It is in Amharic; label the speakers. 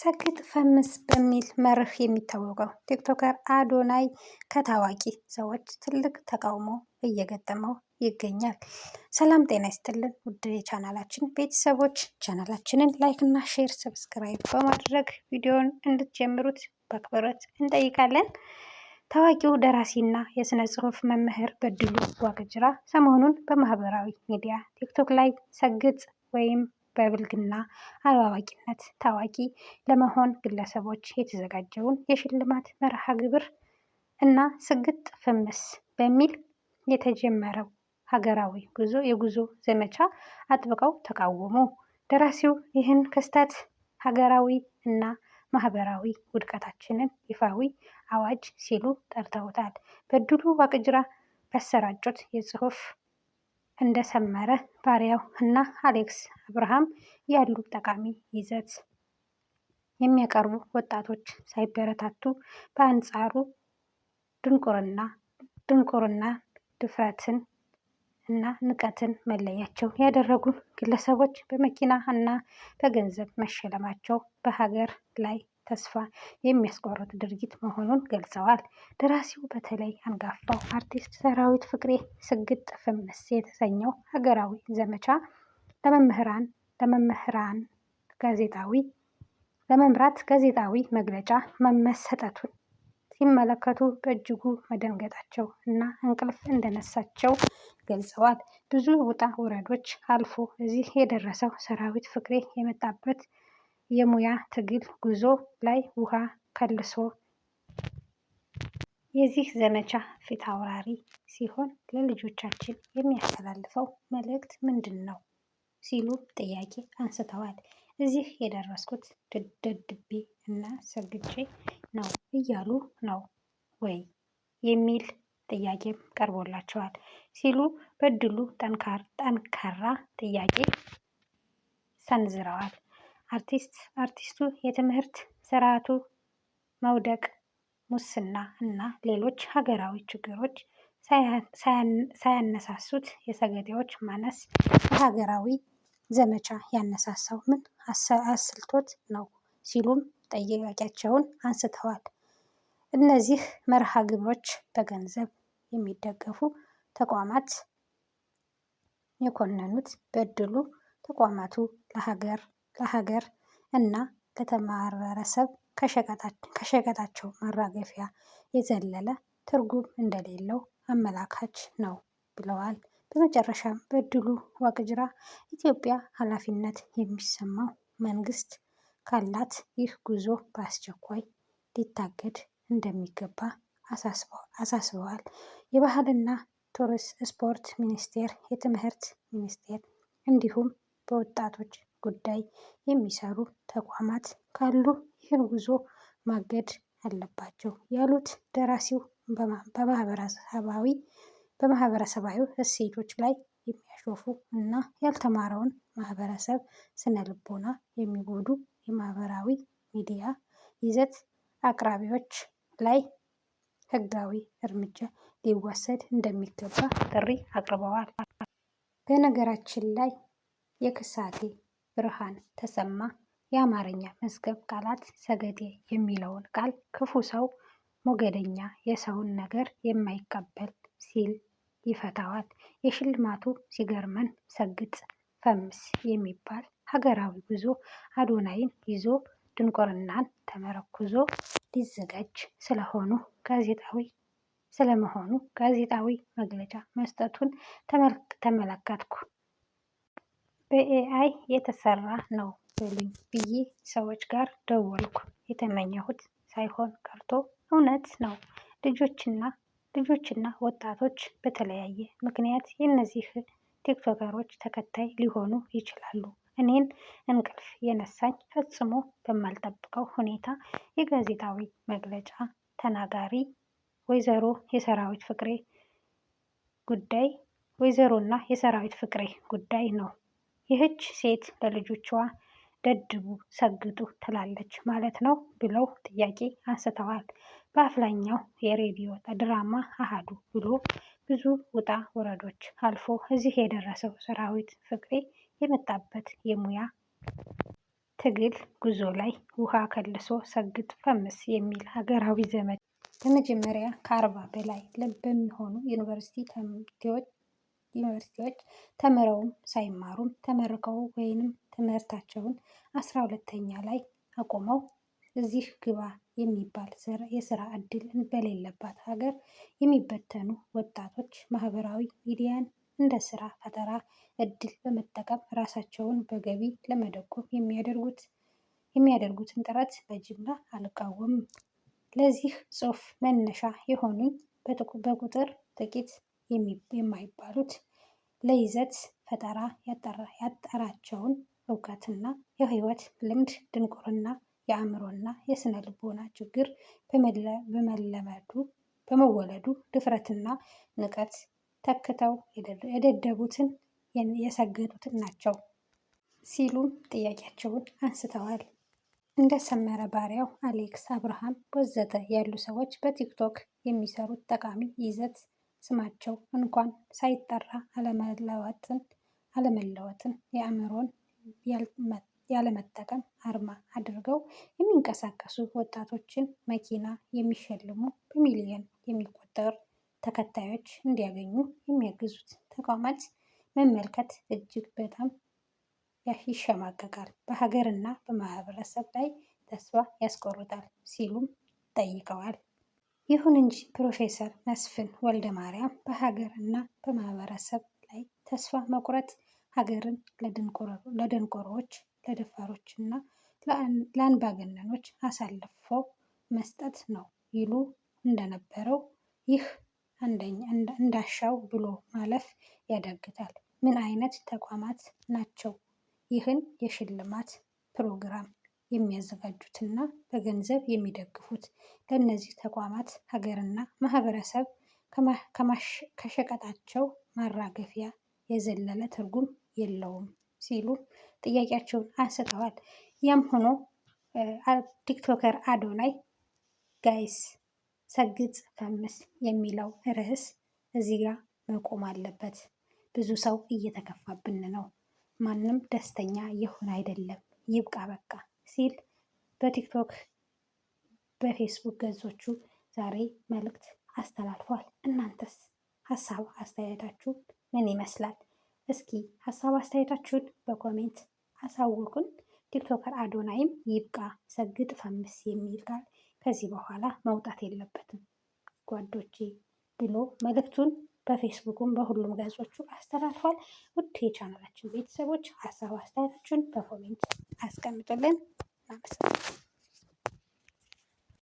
Speaker 1: ሰግጥ ፈምስ በሚል መርህ የሚታወቀው ቲክቶከር አዶናይ ከታዋቂ ሰዎች ትልቅ ተቃውሞ እየገጠመው ይገኛል። ሰላም ጤና ይስጥልን ውድ የቻናላችን ቤተሰቦች፣ ቻናላችንን ላይክ እና ሼር፣ ሰብስክራይብ በማድረግ ቪዲዮን እንድትጀምሩት በአክብሮት እንጠይቃለን። ታዋቂው ደራሲና የስነ ጽሑፍ መምህር በድሉ ዋቅጅራ ሰሞኑን በማህበራዊ ሚዲያ ቲክቶክ ላይ ሰግጥ ወይም በብልግና አላዋቂነት ታዋቂ ለመሆን ግለሰቦች የተዘጋጀውን የሽልማት መርሃ ግብር እና ስግጥ ፍምስ በሚል የተጀመረው ሀገራዊ ጉዞ የጉዞ ዘመቻ አጥብቀው ተቃወሙ። ደራሲው ይህን ክስተት ሀገራዊ እና ማህበራዊ ውድቀታችንን ይፋዊ አዋጅ ሲሉ ጠርተውታል። በድሉ ዋቅጅራ ባሰራጩት የጽሑፍ እንደሰመረ ባሪያው እና አሌክስ አብርሃም ያሉ ጠቃሚ ይዘት የሚያቀርቡ ወጣቶች ሳይበረታቱ በአንጻሩ ድንቁርና ድንቁርና ድፍረትን እና ንቀትን መለያቸው ያደረጉ ግለሰቦች በመኪና እና በገንዘብ መሸለማቸው በሀገር ላይ ተስፋ የሚያስቆርጥ ድርጊት መሆኑን ገልጸዋል። ደራሲው በተለይ አንጋፋው አርቲስት ሰራዊት ፍቅሬ ስግጥ ፍምስ የተሰኘው ሀገራዊ ዘመቻ ለመምህራን ለመምህራን ጋዜጣዊ ለመምራት ጋዜጣዊ መግለጫ መመሰጠቱን ሲመለከቱ በእጅጉ መደንገጣቸው እና እንቅልፍ እንደነሳቸው ገልጸዋል። ብዙ ውጣ ውረዶች አልፎ እዚህ የደረሰው ሰራዊት ፍቅሬ የመጣበት የሙያ ትግል ጉዞ ላይ ውሃ ከልሶ የዚህ ዘመቻ ፊት አውራሪ ሲሆን ለልጆቻችን የሚያስተላልፈው መልእክት ምንድን ነው ሲሉ ጥያቄ አንስተዋል። እዚህ የደረስኩት ደድቤ እና ሰግጄ ነው እያሉ ነው ወይ የሚል ጥያቄም ቀርቦላቸዋል ሲሉ በድሉ ጠንካራ ጥያቄ ሰንዝረዋል። አርቲስት አርቲስቱ የትምህርት ስርዓቱ መውደቅ፣ ሙስና እና ሌሎች ሀገራዊ ችግሮች ሳያነሳሱት የሰገጤዎች ማነስ በሀገራዊ ዘመቻ ያነሳሳው ምን አስልቶት ነው ሲሉም ጥያቄያቸውን አንስተዋል። እነዚህ መርሃ ግብሮች በገንዘብ የሚደገፉ ተቋማት የኮነኑት በድሉ ተቋማቱ ለሀገር ከሀገር እና ከተማህበረሰብ ከሸቀጣቸው ማራገፊያ የዘለለ ትርጉም እንደሌለው አመላካች ነው ብለዋል። በመጨረሻም በድሉ ዋቅጅራ ኢትዮጵያ ኃላፊነት የሚሰማው መንግስት ካላት ይህ ጉዞ በአስቸኳይ ሊታገድ እንደሚገባ አሳስበዋል። የባህልና ቱሪስት ስፖርት ሚኒስቴር፣ የትምህርት ሚኒስቴር እንዲሁም በወጣቶች ጉዳይ የሚሰሩ ተቋማት ካሉ ይህን ጉዞ ማገድ አለባቸው ያሉት ደራሲው በማህበረሰባዊ በማህበረሰባዊ እሴቶች ላይ የሚያሾፉ እና ያልተማረውን ማህበረሰብ ስነ ልቦና የሚጎዱ የማህበራዊ ሚዲያ ይዘት አቅራቢዎች ላይ ህጋዊ እርምጃ ሊወሰድ እንደሚገባ ጥሪ አቅርበዋል። በነገራችን ላይ የክሳቴ ብርሃን ተሰማ የአማርኛ መዝገብ ቃላት ሰገጤ የሚለውን ቃል ክፉ ሰው፣ ሞገደኛ፣ የሰውን ነገር የማይቀበል ሲል ይፈታዋል። የሽልማቱ ሲገርመን ሰግጥ ፈምስ የሚባል ሀገራዊ ጉዞ አዶናይን ይዞ ድንቁርናን ተመረኩዞ ሊዘጋጅ ስለሆኑ ጋዜጣዊ ስለመሆኑ ጋዜጣዊ መግለጫ መስጠቱን ተመለከትኩ። በኤአይ የተሰራ ነው በሉኝ ብዬ ሰዎች ጋር ደወልኩ። የተመኘሁት ሳይሆን ቀርቶ እውነት ነው። ልጆችና ልጆችና ወጣቶች በተለያየ ምክንያት የእነዚህ ቲክቶከሮች ተከታይ ሊሆኑ ይችላሉ። እኔን እንቅልፍ የነሳኝ ፈጽሞ በማልጠብቀው ሁኔታ የጋዜጣዊ መግለጫ ተናጋሪ ወይዘሮ የሰራዊት ፍቅሬ ጉዳይ ወይዘሮና የሰራዊት ፍቅሬ ጉዳይ ነው። ይህች ሴት ለልጆቿ ደድቡ ሰግጡ ትላለች ማለት ነው ብለው ጥያቄ አንስተዋል። በአፍላኛው የሬዲዮ ድራማ አሃዱ ብሎ ብዙ ውጣ ወረዶች አልፎ እዚህ የደረሰው ሰራዊት ፍቅሬ የመጣበት የሙያ ትግል ጉዞ ላይ ውሃ ከልሶ ሰግጥ ፈምስ የሚል ሀገራዊ ዘመቻ በመጀመሪያ ከአርባ በላይ በሚሆኑ ዩኒቨርሲቲ ተማሪዎች ዩኒቨርሲቲዎች ተምረውም ሳይማሩም ተመርቀው ወይንም ትምህርታቸውን አስራ ሁለተኛ ላይ አቁመው እዚህ ግባ የሚባል የስራ እድል በሌለባት ሀገር የሚበተኑ ወጣቶች ማህበራዊ ሚዲያን እንደ ስራ ፈጠራ እድል በመጠቀም ራሳቸውን በገቢ ለመደጎም የሚያደርጉት የሚያደርጉትን ጥረት በጅምላ አልቃወምም። ለዚህ ጽሑፍ መነሻ የሆኑኝ በቁጥር ጥቂት የማይባሉት ለይዘት ፈጠራ ያጠራቸውን እውቀትና የህይወት ልምድ ድንቁርና የአእምሮና የስነ ልቦና ችግር በመለመዱ በመወለዱ ድፍረትና ንቀት ተክተው የደደቡትን የሰገጡትን ናቸው ሲሉም ጥያቄያቸውን አንስተዋል። እንደ ሰመረ ባሪያው፣ አሌክስ አብርሃም ወዘተ ያሉ ሰዎች በቲክቶክ የሚሰሩት ጠቃሚ ይዘት ስማቸው እንኳን ሳይጠራ አለመለወጥን አለመለወጥን የአእምሮን ያለመጠቀም አርማ አድርገው የሚንቀሳቀሱ ወጣቶችን መኪና የሚሸልሙ በሚሊዮን የሚቆጠሩ ተከታዮች እንዲያገኙ የሚያግዙት ተቋማት መመልከት እጅግ በጣም ይሸማቀቃል፣ በሀገርና በማህበረሰብ ላይ ተስፋ ያስቆርጣል ሲሉም ጠይቀዋል። ይሁን እንጂ ፕሮፌሰር መስፍን ወልደ ማርያም በሀገር እና በማህበረሰብ ላይ ተስፋ መቁረጥ ሀገርን ለደንቆሮዎች፣ ለደፋሮች እና ለአንባገነኖች አሳልፎ መስጠት ነው ይሉ እንደነበረው ይህ እንዳሻው ብሎ ማለፍ ያዳግታል። ምን አይነት ተቋማት ናቸው ይህን የሽልማት ፕሮግራም የሚያዘጋጁትና በገንዘብ የሚደግፉት። ለእነዚህ ተቋማት ሀገርና ማህበረሰብ ከሸቀጣቸው ማራገፊያ የዘለለ ትርጉም የለውም ሲሉ ጥያቄያቸውን አንስተዋል። ያም ሆኖ ቲክቶከር አዶናይ ጋይስ ሰግጥ ፈምስ የሚለው ርዕስ እዚህ ጋር መቆም አለበት። ብዙ ሰው እየተከፋብን ነው። ማንም ደስተኛ የሆነ አይደለም። ይብቃ በቃ። ሲል በቲክቶክ በፌስቡክ ገጾቹ ዛሬ መልእክት አስተላልፏል። እናንተስ ሀሳብ አስተያየታችሁ ምን ይመስላል? እስኪ ሀሳብ አስተያየታችሁን በኮሜንት አሳውቁን። ቲክቶከር አዶናይም ይብቃ ሰግጥ ፈምስ የሚል ቃል ከዚህ በኋላ መውጣት የለበትም ጓዶቼ ብሎ መልእክቱን በፌስቡኩም በሁሉም ገጾቹ አስተላልፏል። ውድ የቻናላችን ቤተሰቦች ሀሳብ አስተያየታችሁን በኮሜንት አስቀምጡልን። እናመሰግናለን።